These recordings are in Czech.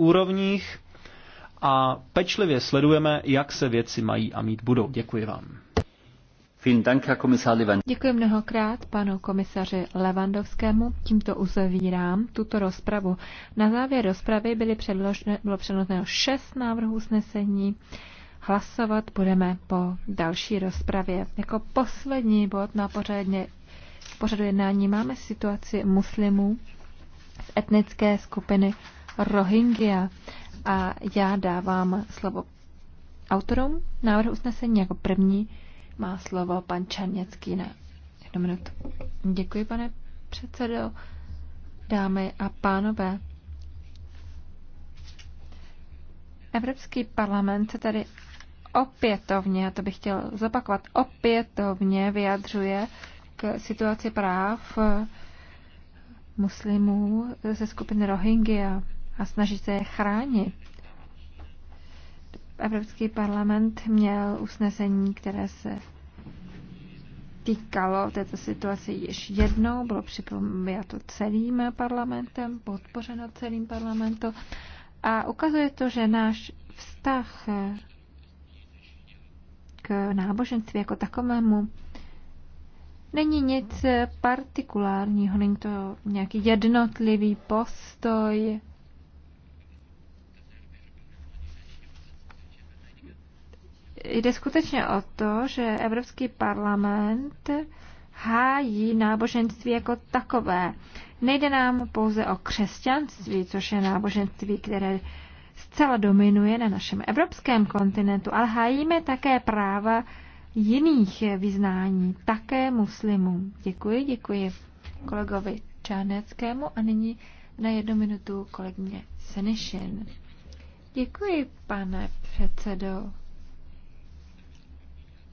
úrovních a pečlivě sledujeme, jak se věci mají a mít budou. Děkuji vám. Děkuji mnohokrát panu komisaři Levandovskému. Tímto uzavírám tuto rozpravu. Na závěr rozpravy byly předložené, bylo předloženo šest návrhů usnesení. Hlasovat budeme po další rozpravě. Jako poslední bod na pořadně, pořadu jednání máme situaci muslimů z etnické skupiny Rohingya. A já dávám slovo autorům návrhu usnesení. Jako první má slovo pan Čarněcký na jednu minutu. Děkuji, pane předsedo, dámy a pánové. Evropský parlament se tady opětovně, a to bych chtěl zopakovat, opětovně vyjadřuje k situaci práv muslimů ze skupiny Rohingya a snaží se je chránit. Evropský parlament měl usnesení, které se týkalo této situace již jednou, bylo připomínáno celým parlamentem, podpořeno celým parlamentem a ukazuje to, že náš vztah k náboženství jako takovému není nic partikulárního, není to nějaký jednotlivý postoj, Jde skutečně o to, že Evropský parlament hájí náboženství jako takové. Nejde nám pouze o křesťanství, což je náboženství, které zcela dominuje na našem evropském kontinentu, ale hájíme také práva jiných vyznání, také muslimům. Děkuji, děkuji kolegovi Čáneckému a nyní na jednu minutu kolegyně Senešin. Děkuji, pane předsedo.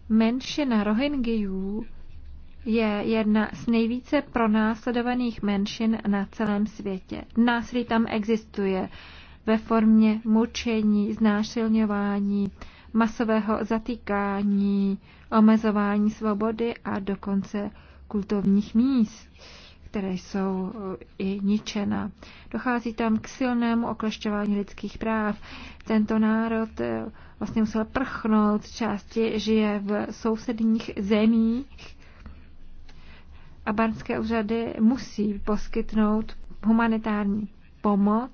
Menšina Rohingyů je jedna z nejvíce pronásledovaných menšin na celém světě. Násilí tam existuje ve formě mučení, znášilňování, masového zatýkání, omezování svobody a dokonce kultovních míst které jsou eh, i ničena. Dochází tam k silnému oklešťování lidských práv. Tento národ eh, vlastně musel prchnout, části žije v sousedních zemích a barnské úřady musí poskytnout humanitární pomoc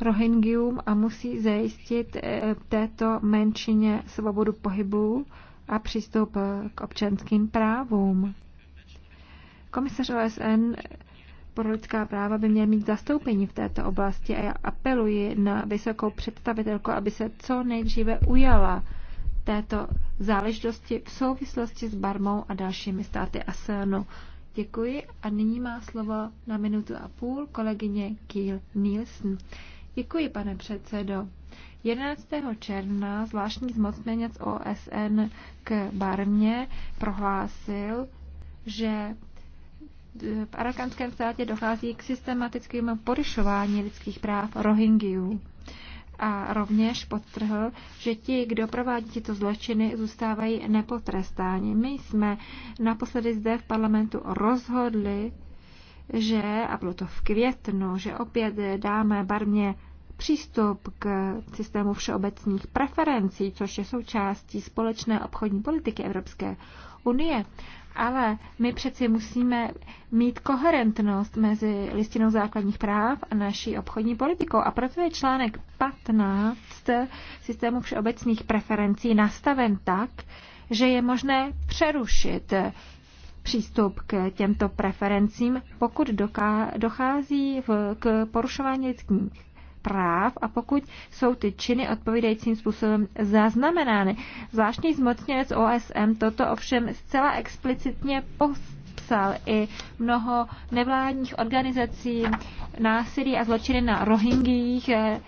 Rohingyům a musí zajistit eh, této menšině svobodu pohybu a přístup k občanským právům. Komisař OSN pro lidská práva by měl mít zastoupení v této oblasti a já apeluji na vysokou představitelku, aby se co nejdříve ujala této záležitosti v souvislosti s Barmou a dalšími státy ASEANu. Děkuji a nyní má slovo na minutu a půl kolegyně Kiel Nielsen. Děkuji, pane předsedo. 11. června zvláštní zmocněnec OSN k Barmě prohlásil, že v arakanském státě dochází k systematickému porušování lidských práv Rohingyů. A rovněž podtrhl, že ti, kdo provádí tyto zločiny, zůstávají nepotrestáni. My jsme naposledy zde v parlamentu rozhodli, že, a bylo to v květnu, že opět dáme barmě přístup k systému všeobecných preferencí, což je součástí společné obchodní politiky Evropské unie. Ale my přeci musíme mít koherentnost mezi listinou základních práv a naší obchodní politikou. A proto je článek 15 systému všeobecných preferencí nastaven tak, že je možné přerušit přístup k těmto preferencím, pokud dochází v, k porušování lidských práv a pokud jsou ty činy odpovídajícím způsobem zaznamenány. Zvláštní zmocněnec OSM toto ovšem zcela explicitně popsal i mnoho nevládních organizací násilí a zločiny na Rohingyích eh,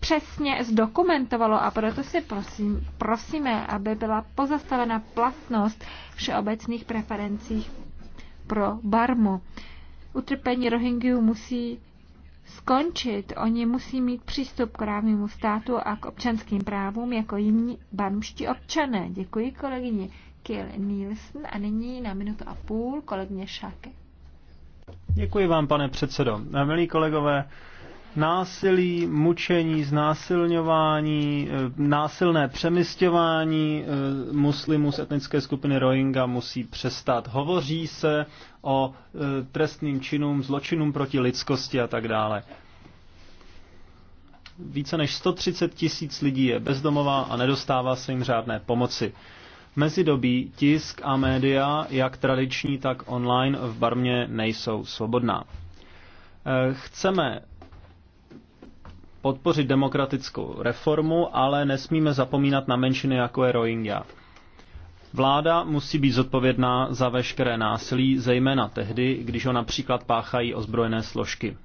přesně zdokumentovalo a proto si prosím, prosíme, aby byla pozastavena platnost všeobecných preferencích pro Barmu. Utrpení Rohingyů musí skončit. Oni musí mít přístup k právnímu státu a k občanským právům jako jiní barmští občané. Děkuji kolegyni Kiel Nielsen a nyní na minutu a půl kolegyně Šáke. Děkuji vám, pane předsedo. Milí kolegové, násilí, mučení, znásilňování, eh, násilné přemysťování eh, muslimů z etnické skupiny Rohingya musí přestat. Hovoří se o eh, trestným činům, zločinům proti lidskosti a tak dále. Více než 130 tisíc lidí je bezdomová a nedostává se jim řádné pomoci. V mezidobí tisk a média, jak tradiční, tak online, v Barmě nejsou svobodná. Chceme podpořit demokratickou reformu, ale nesmíme zapomínat na menšiny, jako je Rohingya. Vláda musí být zodpovědná za veškeré násilí, zejména tehdy, když ho například páchají ozbrojené složky.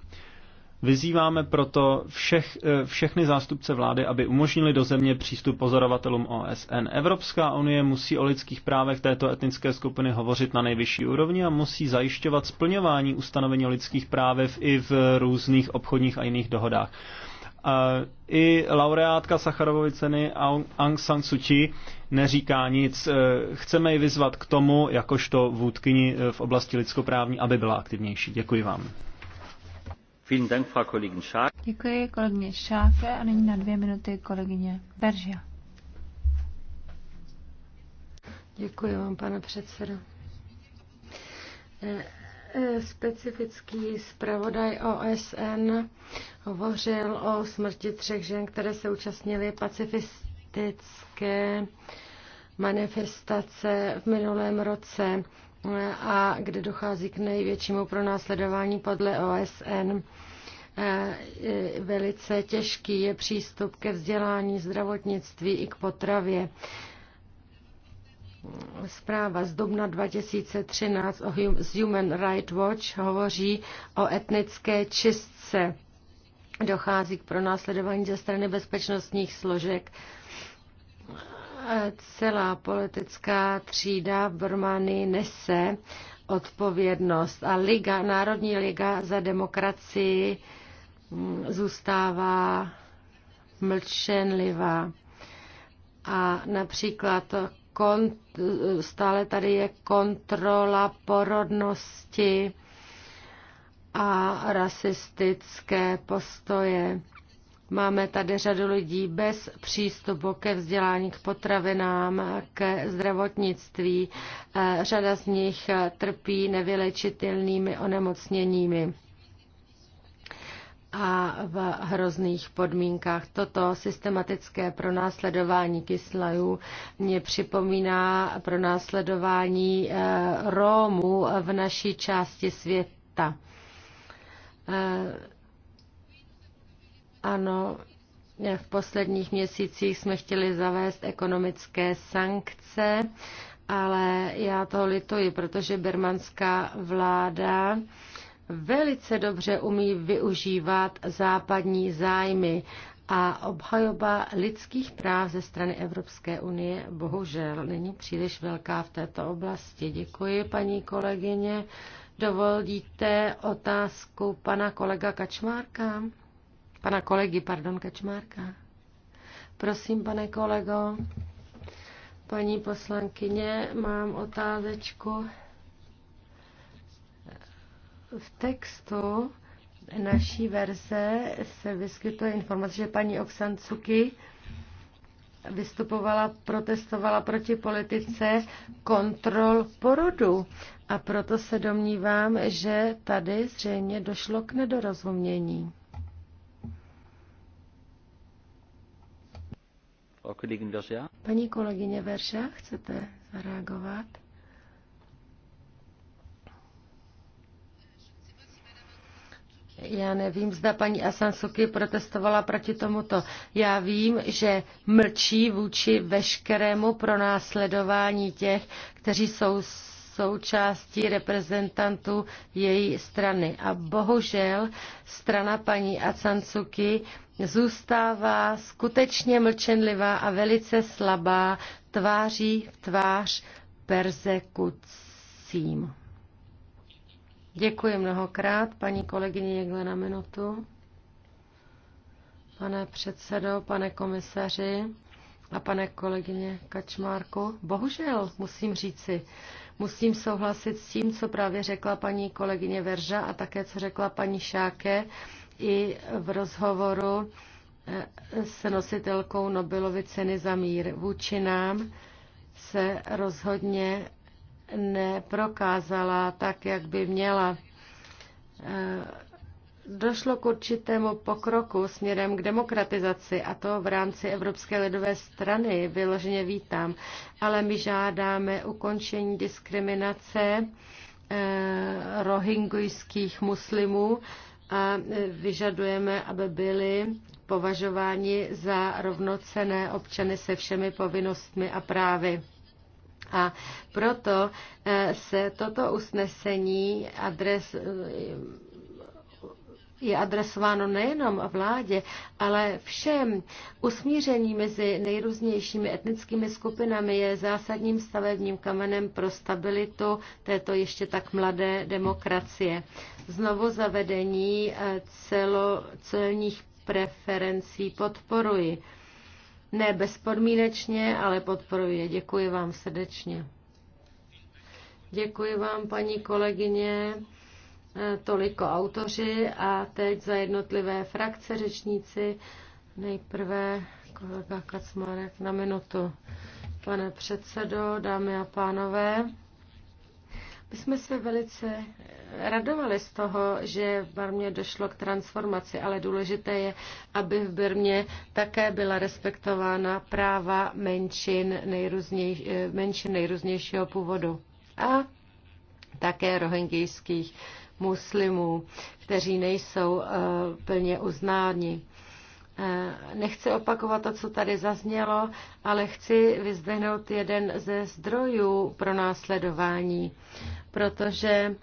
Vyzýváme proto všech, eh, všechny zástupce vlády, aby umožnili do země přístup pozorovatelům OSN. Evropská unie musí o lidských právech této etnické skupiny hovořit na nejvyšší úrovni a musí zajišťovat splňování ustanovení o lidských právech i v různých obchodních a jiných dohodách. I laureátka Sacharovovy ceny Aung San Suu Kyi neříká nic. E, chceme ji vyzvat k tomu, jakožto vůdkyni e, v oblasti lidskoprávní, aby byla aktivnější. Děkuji vám. Děkuji kolegyně Šáke a nyní na dvě minuty kolegyně Beržia. Děkuji vám, pane předsedo. E, Eh, specifický zpravodaj OSN hovořil o smrti třech žen, které se účastnily pacifistické manifestace v minulém roce eh, a kde dochází k největšímu pronásledování podle OSN. Eh, velice těžký je přístup ke vzdělání, zdravotnictví i k potravě. Zpráva z dubna 2013 o z Human Rights Watch hovoří o etnické čistce. Dochází k pronásledování ze strany bezpečnostních složek. Celá politická třída v Burmánii nese odpovědnost a Liga, Národní liga za demokracii mm, zůstává mlčenlivá. A například kont- stále tady je kontrola porodnosti a rasistické postoje. Máme tady řadu lidí bez přístupu ke vzdělání, k potravinám, ke zdravotnictví. Eh, řada z nich trpí nevylečitelnými onemocněními a v hrozných podmínkách. Toto systematické pronásledování kyslajů mě připomíná pronásledování eh, Rómů v naší části světa. Eh, ano, v posledních měsících jsme chtěli zavést ekonomické sankce, ale já to lituji, protože birmanská vláda velice dobře umí využívat západní zájmy a obhajoba lidských práv ze strany Evropské unie bohužel není příliš velká v této oblasti. Děkuji, paní kolegyně. Dovolíte otázku pana kolega Kačmárka? Pana kolegy, pardon, Kačmárka. Prosím, pane kolego. Paní poslankyně, mám otázečku. V textu naší verze se vyskytuje informace, že paní Oksan Cuky vystupovala, protestovala proti politice kontrol porodu. A proto se domnívám, že tady zřejmě došlo k nedorozumění. Paní kolegyně Verša, chcete zareagovat? Já nevím, zda paní Asansuki protestovala proti tomuto. Já vím, že mlčí vůči veškerému pronásledování těch, kteří jsou součástí reprezentantů její strany. A bohužel strana paní Asansuki zůstává skutečně mlčenlivá a velice slabá tváří v tvář persekucím. Děkuji mnohokrát, paní kolegyně Jegle na minutu. Pane předsedo, pane komisaři a pane kolegyně Kačmárku, bohužel musím říci, musím souhlasit s tím, co právě řekla paní kolegyně Verža a také, co řekla paní Šáke i v rozhovoru eh, se nositelkou Nobelovy ceny za mír. Vůči nám se rozhodně neprokázala tak, jak by měla. Eh, došlo k určitému pokroku směrem k demokratizaci a to v rámci Evropské lidové strany vyloženě vítám, ale my žádáme ukončení diskriminace eh, rohingujských muslimů a eh, vyžadujeme, aby byli považováni za rovnocené občany se všemi povinnostmi a právy. A proto eh, se toto usnesení adres, eh, je adresováno nejenom vládě, ale všem. Usmíření mezi nejrůznějšími etnickými skupinami je zásadním stavebním kamenem pro stabilitu této ještě tak mladé demokracie. Znovu zavedení eh, celo, celních preferencí podporuji. Ne bezpodmínečně, ale podporuji Děkuji vám srdečně. Děkuji vám, paní kolegyně. E, toliko autoři a teď za jednotlivé frakce řečníci. Nejprve kolega Kacmarek na minutu. Pane předsedo, dámy a pánové, my jsme se velice radovali z toho, že v Barmě došlo k transformaci, ale důležité je, aby v Birmě také byla respektována práva menšin, nejrůzněj, menšin nejrůznějšího původu a také rohingijských muslimů, kteří nejsou eh, plně uznáni. Eh, nechci opakovat to, co tady zaznělo, ale chci vyzdvihnout jeden ze zdrojů pro následování, protože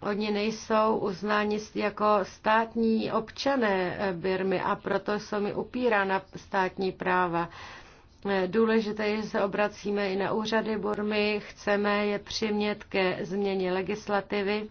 Oni nejsou uznáni jako státní občané eh, Birmy a proto jsou mi upírána státní práva. Eh, důležité je, že se obracíme i na úřady Burmy, chceme je přimět ke změně legislativy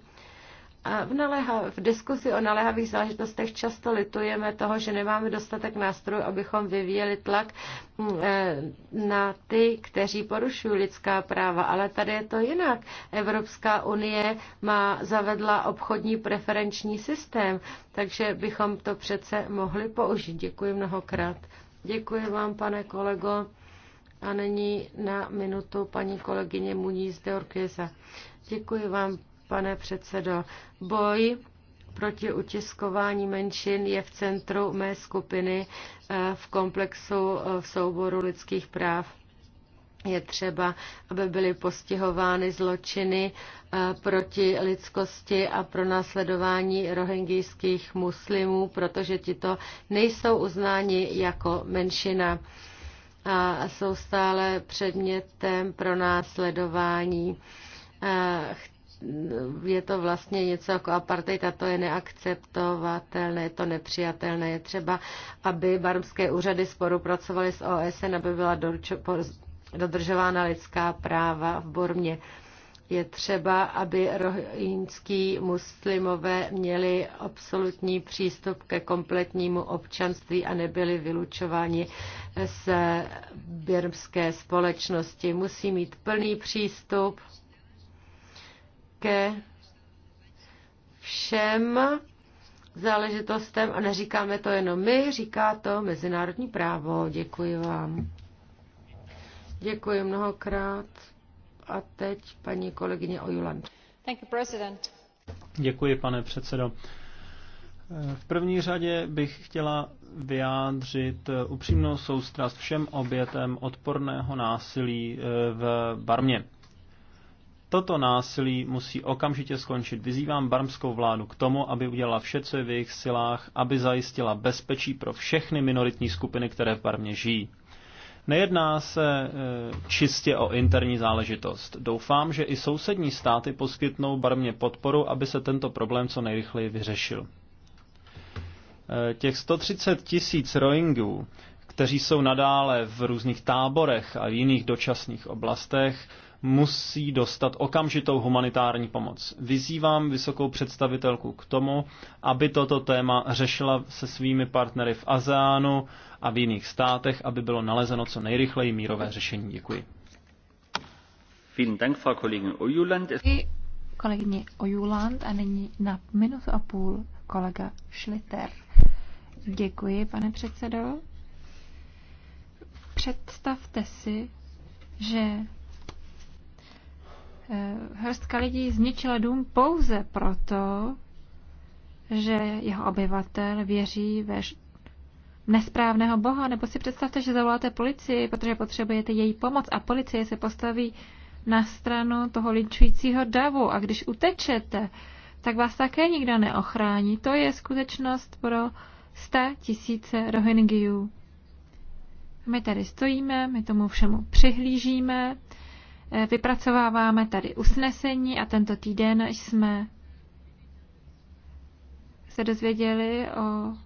v, naléha, v diskusi o naléhavých záležitostech často litujeme toho, že nemáme dostatek nástrojů, abychom vyvíjeli tlak mm, eh, na ty, kteří porušují lidská práva. Ale tady je to jinak. Evropská unie má zavedla obchodní preferenční systém, takže bychom to přece mohli použít. Děkuji mnohokrát. Děkuji vám, pane kolego. A nyní na minutu paní kolegyně Muní de Orkeza. Děkuji vám, pane předsedo. Boj proti utiskování menšin je v centru mé skupiny eh, v komplexu eh, v souboru lidských práv. Je třeba, aby byly postihovány zločiny eh, proti lidskosti a pro následování rohingijských muslimů, protože tito nejsou uznáni jako menšina a jsou stále předmětem pro následování je to vlastně něco jako apartheid a to je neakceptovatelné, je to nepřijatelné. Je třeba, aby barmské úřady spolupracovaly s OSN, aby byla dodržována lidská práva v Bormě. Je třeba, aby rohingský muslimové měli absolutní přístup ke kompletnímu občanství a nebyli vylučováni z birmské společnosti. Musí mít plný přístup také všem záležitostem a neříkáme to jenom my, říká to mezinárodní právo. Děkuji vám. Děkuji mnohokrát. A teď paní kolegyně Ojuland. Děkuji, pane předsedo. V první řadě bych chtěla vyjádřit upřímnou soustrast všem obětem odporného násilí eh, v Barmě. Toto násilí musí okamžitě skončit. Vyzývám barmskou vládu k tomu, aby udělala vše, co je v jejich silách, aby zajistila bezpečí pro všechny minoritní skupiny, které v Barmě žijí. Nejedná se e, čistě o interní záležitost. Doufám, že i sousední státy poskytnou barmě podporu, aby se tento problém co nejrychleji vyřešil. E, těch 130 tisíc Rohingů, kteří jsou nadále v různých táborech a jiných dočasných oblastech, musí dostat okamžitou humanitární pomoc. Vyzývám vysokou představitelku k tomu, aby toto téma řešila se svými partnery v ASEANu a v jiných státech, aby bylo nalezeno co nejrychleji mírové řešení. Děkuji. Děkuji kolegyně Ojuland a nyní na minutu a půl kolega Šliter. Děkuji, pane předsedo. Představte si, že Eh, hrstka lidí zničila dům pouze proto, že jeho obyvatel věří ve nesprávného boha, nebo si představte, že zavoláte policii, protože potřebujete její pomoc a policie se postaví na stranu toho linčujícího davu a když utečete, tak vás také nikdo neochrání. To je skutečnost pro sta tisíce Rohingyů. My tady stojíme, my tomu všemu přihlížíme, Vypracováváme tady usnesení a tento týden jsme se dozvěděli o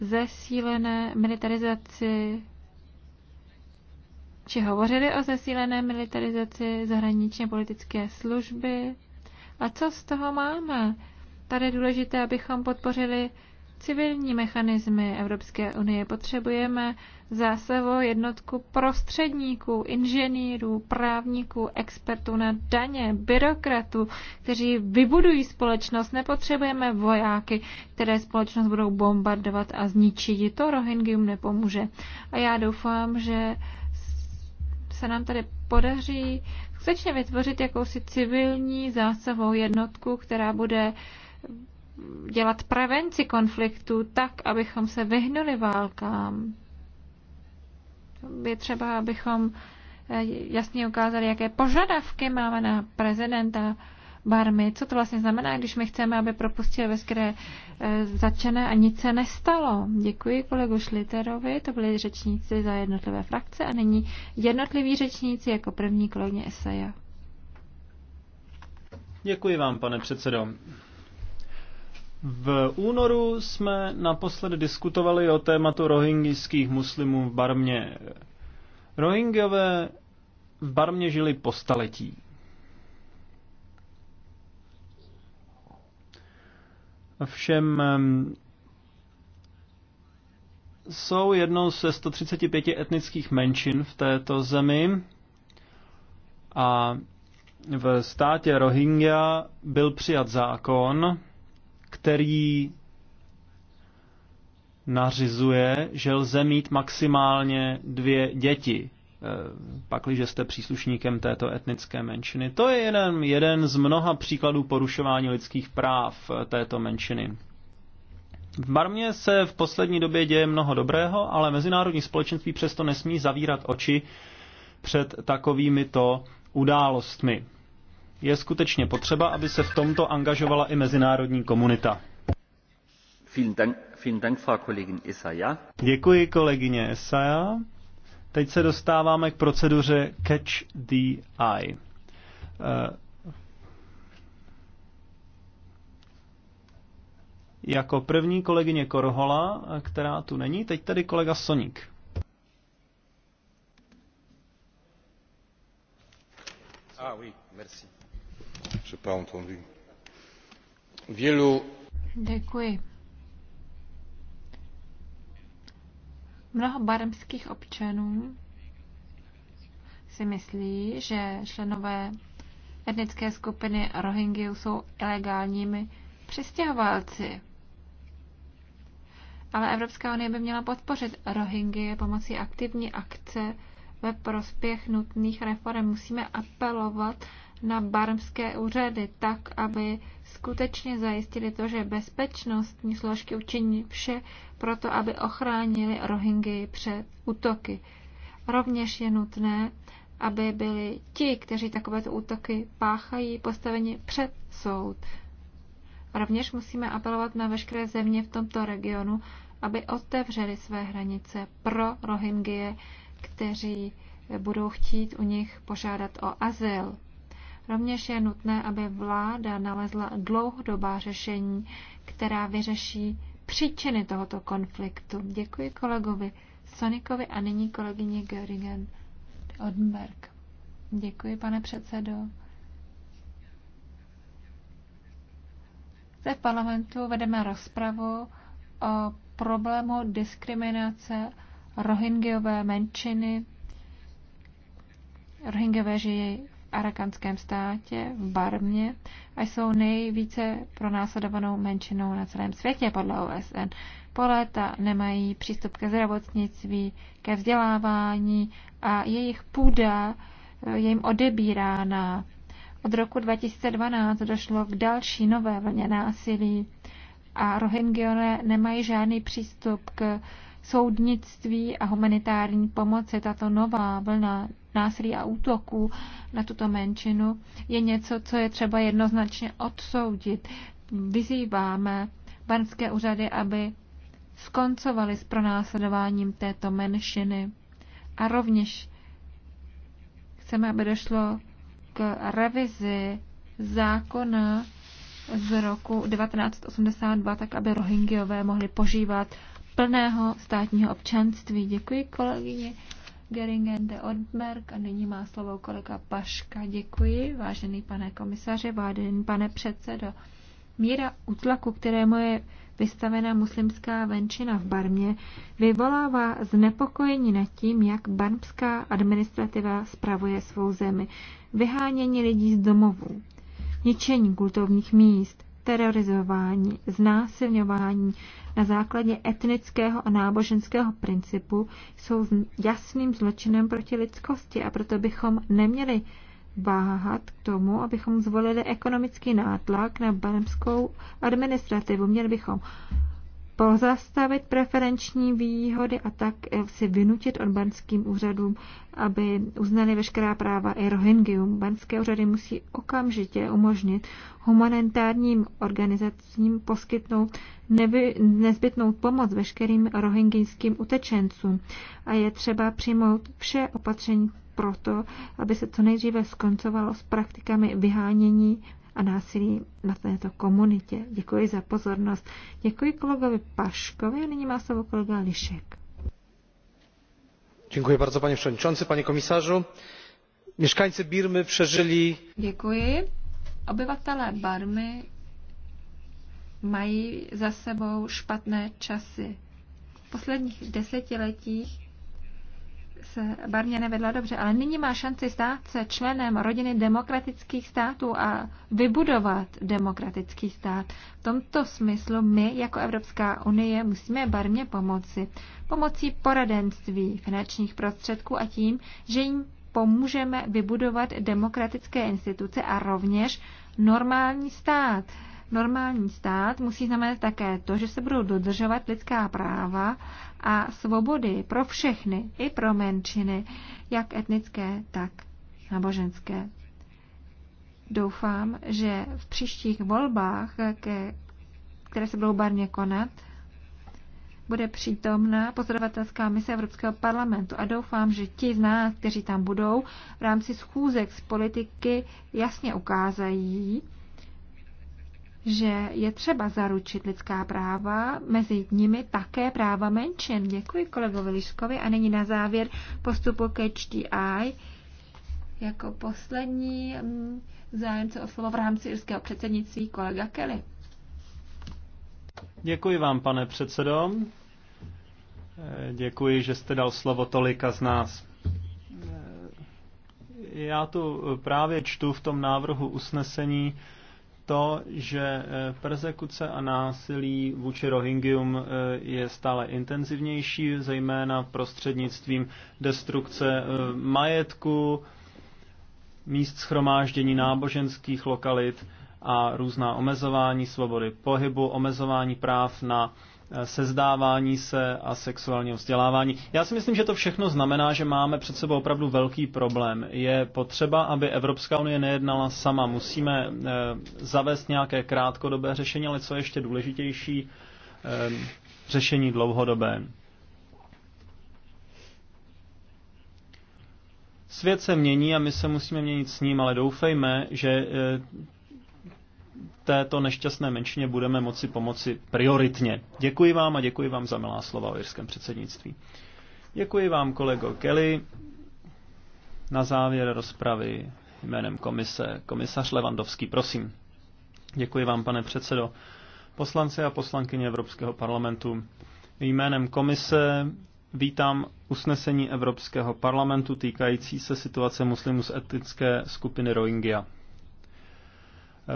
zesílené militarizaci či hovořili o zesílené militarizaci zahraničně politické služby. A co z toho máme? Tady je důležité, abychom podpořili civilní mechanismy Evropské unie. Potřebujeme zásavo jednotku prostředníků, inženýrů, právníků, expertů na daně, byrokratů, kteří vybudují společnost. Nepotřebujeme vojáky, které společnost budou bombardovat a zničit. To rohingyum nepomůže. A já doufám, že se nám tady podaří skutečně vytvořit jakousi civilní zásavou jednotku, která bude dělat prevenci konfliktu, tak, abychom se vyhnuli válkám. Je třeba, abychom eh, jasně ukázali, jaké požadavky máme na prezidenta Barmy. Co to vlastně znamená, když my chceme, aby propustil veškeré eh, začené a nic se nestalo? Děkuji kolegu Šliterovi, to byli řečníci za jednotlivé frakce a nyní jednotliví řečníci jako první kolegně Esaja. Děkuji vám, pane předsedo. V únoru jsme naposledy diskutovali o tématu rohingijských muslimů v Barmě. Rohingyové v Barmě žili po staletí. Všem jsou jednou ze 135 etnických menšin v této zemi a v státě Rohingya byl přijat zákon, který nařizuje, že lze mít maximálně dvě děti, e, pakliže jste příslušníkem této etnické menšiny. To je jeden, jeden z mnoha příkladů porušování lidských práv e, této menšiny. V Barmě se v poslední době děje mnoho dobrého, ale mezinárodní společenství přesto nesmí zavírat oči před takovými to událostmi je skutečně potřeba, aby se v tomto angažovala i mezinárodní komunita. Děkuji kolegyně Esaja. Teď se dostáváme k proceduře Catch the Eye. Eh, jako první kolegyně Korhola, která tu není, teď tady kolega Sonik. Ah, oui. Děkuji. Mnoho barmských občanů si myslí, že členové etnické skupiny Rohingy jsou ilegálními přistěhovalci. Ale Evropská unie by měla podpořit Rohingy pomocí aktivní akce ve prospěch nutných reform. Musíme apelovat na barmské úřady tak, aby skutečně zajistili to, že bezpečnostní složky učiní vše proto, aby ochránili Rohingy před útoky. Rovněž je nutné, aby byli ti, kteří takovéto útoky páchají, postaveni před soud. Rovněž musíme apelovat na veškeré země v tomto regionu, aby otevřeli své hranice pro Rohingy, kteří budou chtít u nich požádat o azyl. Rovněž je nutné, aby vláda nalezla dlouhodobá řešení, která vyřeší příčiny tohoto konfliktu. Děkuji kolegovi Sonikovi a nyní kolegyně Göringen Odenberg. Děkuji, pane předsedo. Zde v parlamentu vedeme rozpravu o problému diskriminace rohingyové menšiny. Rohingyové žijí arakanském státě, v Barmě a jsou nejvíce pronásledovanou menšinou na celém světě podle OSN. Po léta nemají přístup ke zdravotnictví, ke vzdělávání a jejich půda eh, je jim odebírána. Od roku 2012 došlo k další nové vlně násilí a Rohingyone nemají žádný přístup k soudnictví a humanitární pomoci, tato nová vlna násilí a útoků na tuto menšinu, je něco, co je třeba jednoznačně odsoudit. Vyzýváme barnské úřady, aby skoncovali s pronásledováním této menšiny. A rovněž chceme, aby došlo k revizi zákona z roku 1982, tak aby Rohingyové mohli požívat plného státního občanství. Děkuji kolegyně Geringen de Odberg a nyní má slovo kolega Paška. Děkuji, vážený pane komisaře vážený pane předsedo. Míra útlaku, kterému je vystavená muslimská venčina v Barmě, vyvolává znepokojení nad tím, jak barmská administrativa spravuje svou zemi. Vyhánění lidí z domovů, ničení kultovních míst, terorizování, znásilňování na základě etnického a náboženského principu jsou jasným zločinem proti lidskosti a proto bychom neměli váhat k tomu, abychom zvolili ekonomický nátlak na barmskou administrativu. Měli bychom pozastavit preferenční výhody a tak si vynutit od banským úřadům, aby uznali veškerá práva i Rohingyům. Banské úřady musí okamžitě umožnit humanitárním organizacím poskytnout nevy, nezbytnou pomoc veškerým rohingyjským utečencům a je třeba přijmout vše opatření proto, aby se co nejdříve skoncovalo s praktikami vyhánění a násilí na této komunitě. Děkuji za pozornost. Děkuji kolegovi Paškovi a nyní má slovo kolega Lišek. Děkuji bardzo, panie przewodniczący, panie komisarzu. Mieszkańcy Birmy przeżyli... Děkuji. Obyvatelé Barmy mají za sebou špatné časy. V posledních desetiletích se barně nevedla dobře, ale nyní má šanci stát se členem rodiny demokratických států a vybudovat demokratický stát. V tomto smyslu my jako Evropská unie musíme barmě pomoci. Pomocí poradenství, finančních prostředků a tím, že jim pomůžeme vybudovat demokratické instituce a rovněž normální stát Normální stát musí znamenat také to, že se budou dodržovat lidská práva a svobody pro všechny, i pro menšiny, jak etnické, tak náboženské. Doufám, že v příštích volbách, které se budou barně konat, bude přítomna pozorovatelská mise Evropského parlamentu a doufám, že ti z nás, kteří tam budou, v rámci schůzek z politiky jasně ukázají, že je třeba zaručit lidská práva, mezi nimi také práva menšin. Děkuji kolegovi Liškovi a nyní na závěr postupu ke HDI. Jako poslední mm, zájemce o slovo v rámci irského předsednictví kolega Kelly. Děkuji vám, pane předsedo. Děkuji, že jste dal slovo tolika z nás. Já tu právě čtu v tom návrhu usnesení, to, že eh, persekuce a násilí vůči Rohingyům eh, je stále intenzivnější, zejména prostřednictvím destrukce eh, majetku, míst schromáždění náboženských lokalit a různá omezování svobody pohybu, omezování práv na sezdávání se a sexuálního vzdělávání. Já si myslím, že to všechno znamená, že máme před sebou opravdu velký problém. Je potřeba, aby Evropská unie nejednala sama. Musíme eh, zavést nějaké krátkodobé řešení, ale co ještě důležitější, eh, řešení dlouhodobé. Svět se mění a my se musíme měnit s ním, ale doufejme, že eh, této nešťastné menšině budeme moci pomoci prioritně. Děkuji vám a děkuji vám za milá slova o jirském předsednictví. Děkuji vám, kolego Kelly. Na závěr rozpravy jménem komise. Komisař Levandovský, prosím. Děkuji vám, pane předsedo. Poslanci a poslankyně Evropského parlamentu, jménem komise vítám usnesení Evropského parlamentu týkající se situace muslimů z etnické skupiny Rohingya.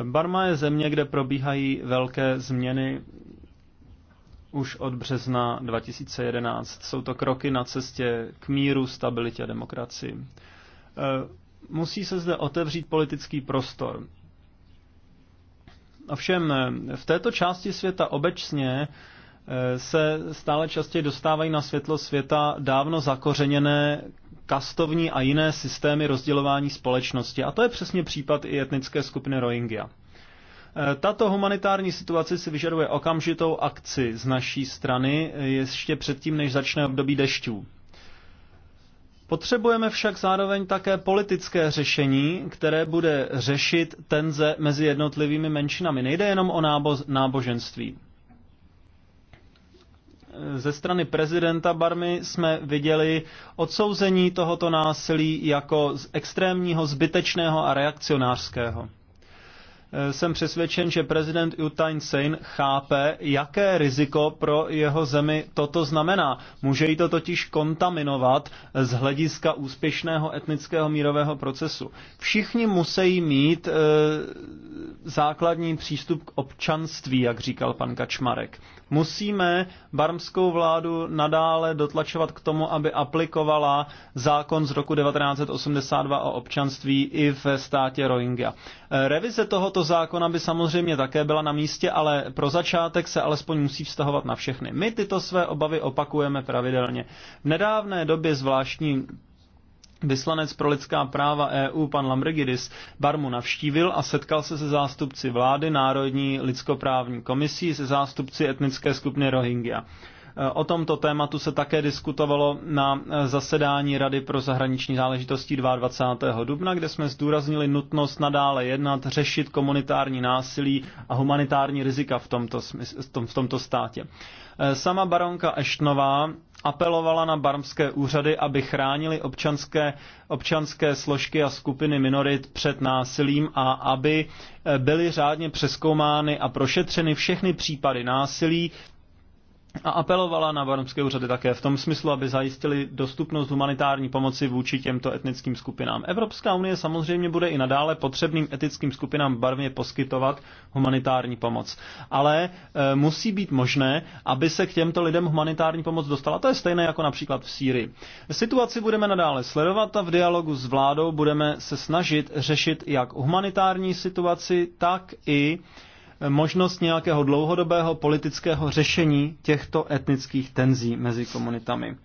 Barma je země, kde probíhají velké změny už od března 2011. Jsou to kroky na cestě k míru, stabilitě a demokracii. Eh, musí se zde otevřít politický prostor. Ovšem, eh, v této části světa obecně Eh, se stále častěji dostávají na světlo světa dávno zakořeněné kastovní a jiné systémy rozdělování společnosti. A to je přesně případ i etnické skupiny Rohingya. Eh, tato humanitární situace si vyžaduje okamžitou akci z naší strany eh, ještě předtím, než začne období dešťů. Potřebujeme však zároveň také politické řešení, které bude řešit tenze mezi jednotlivými menšinami. Nejde jenom o nábo- náboženství ze strany prezidenta Barmy jsme viděli odsouzení tohoto násilí jako z extrémního, zbytečného a reakcionářského. Eh, jsem přesvědčen, že prezident U Thein Sein chápe, jaké riziko pro jeho zemi toto znamená. Může jí to totiž kontaminovat z hlediska úspěšného etnického mírového procesu. Všichni musí mít e, základní přístup k občanství, jak říkal pan Kačmarek. Musíme barmskou vládu nadále dotlačovat k tomu, aby aplikovala zákon z roku 1982 o občanství i ve státě Rohingya. Eh, revize tohoto zákona by samozřejmě také byla na místě, ale pro začátek se alespoň musí vztahovat na všechny. My tyto své obavy opakujeme pravidelně. V nedávné době zvláštní Vyslanec pro lidská práva EU pan Lambregidis Barmu navštívil a setkal se se zástupci vlády Národní lidskoprávní komisí se zástupci etnické skupiny Rohingya. O tomto tématu se také diskutovalo na eh, zasedání Rady pro zahraniční záležitosti 22. dubna, kde jsme zdůraznili nutnost nadále jednat, řešit komunitární násilí a humanitární rizika v tomto, v tomto státě. Eh, sama baronka Eštnová apelovala na barmské úřady, aby chránili občanské, občanské složky a skupiny minorit před násilím a aby eh, byly řádně přeskoumány a prošetřeny všechny případy násilí, a apelovala na barmské úřady také v tom smyslu, aby zajistili dostupnost humanitární pomoci vůči těmto etnickým skupinám. Evropská unie samozřejmě bude i nadále potřebným etnickým skupinám v barmě poskytovat humanitární pomoc. Ale e, musí být možné, aby se k těmto lidem humanitární pomoc dostala. To je stejné jako například v Sýrii. Situaci budeme nadále sledovat a v dialogu s vládou budeme se snažit řešit jak humanitární situaci, tak i možnost nějakého dlouhodobého politického řešení těchto etnických tenzí mezi komunitami.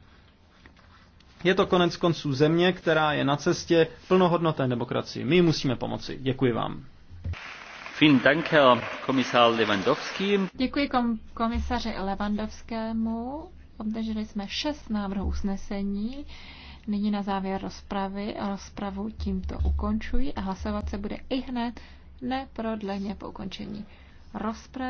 Je to konec konců země, která je na cestě plnohodnotné demokracii. My musíme pomoci. Děkuji vám. Děkuji kom- komisaři Levandovskému. Obdrželi jsme šest návrhů usnesení. Nyní na závěr rozpravy. Rozpravu tímto ukončuji a hlasovat se bude i hned neprodleně po ukončení rozpravu.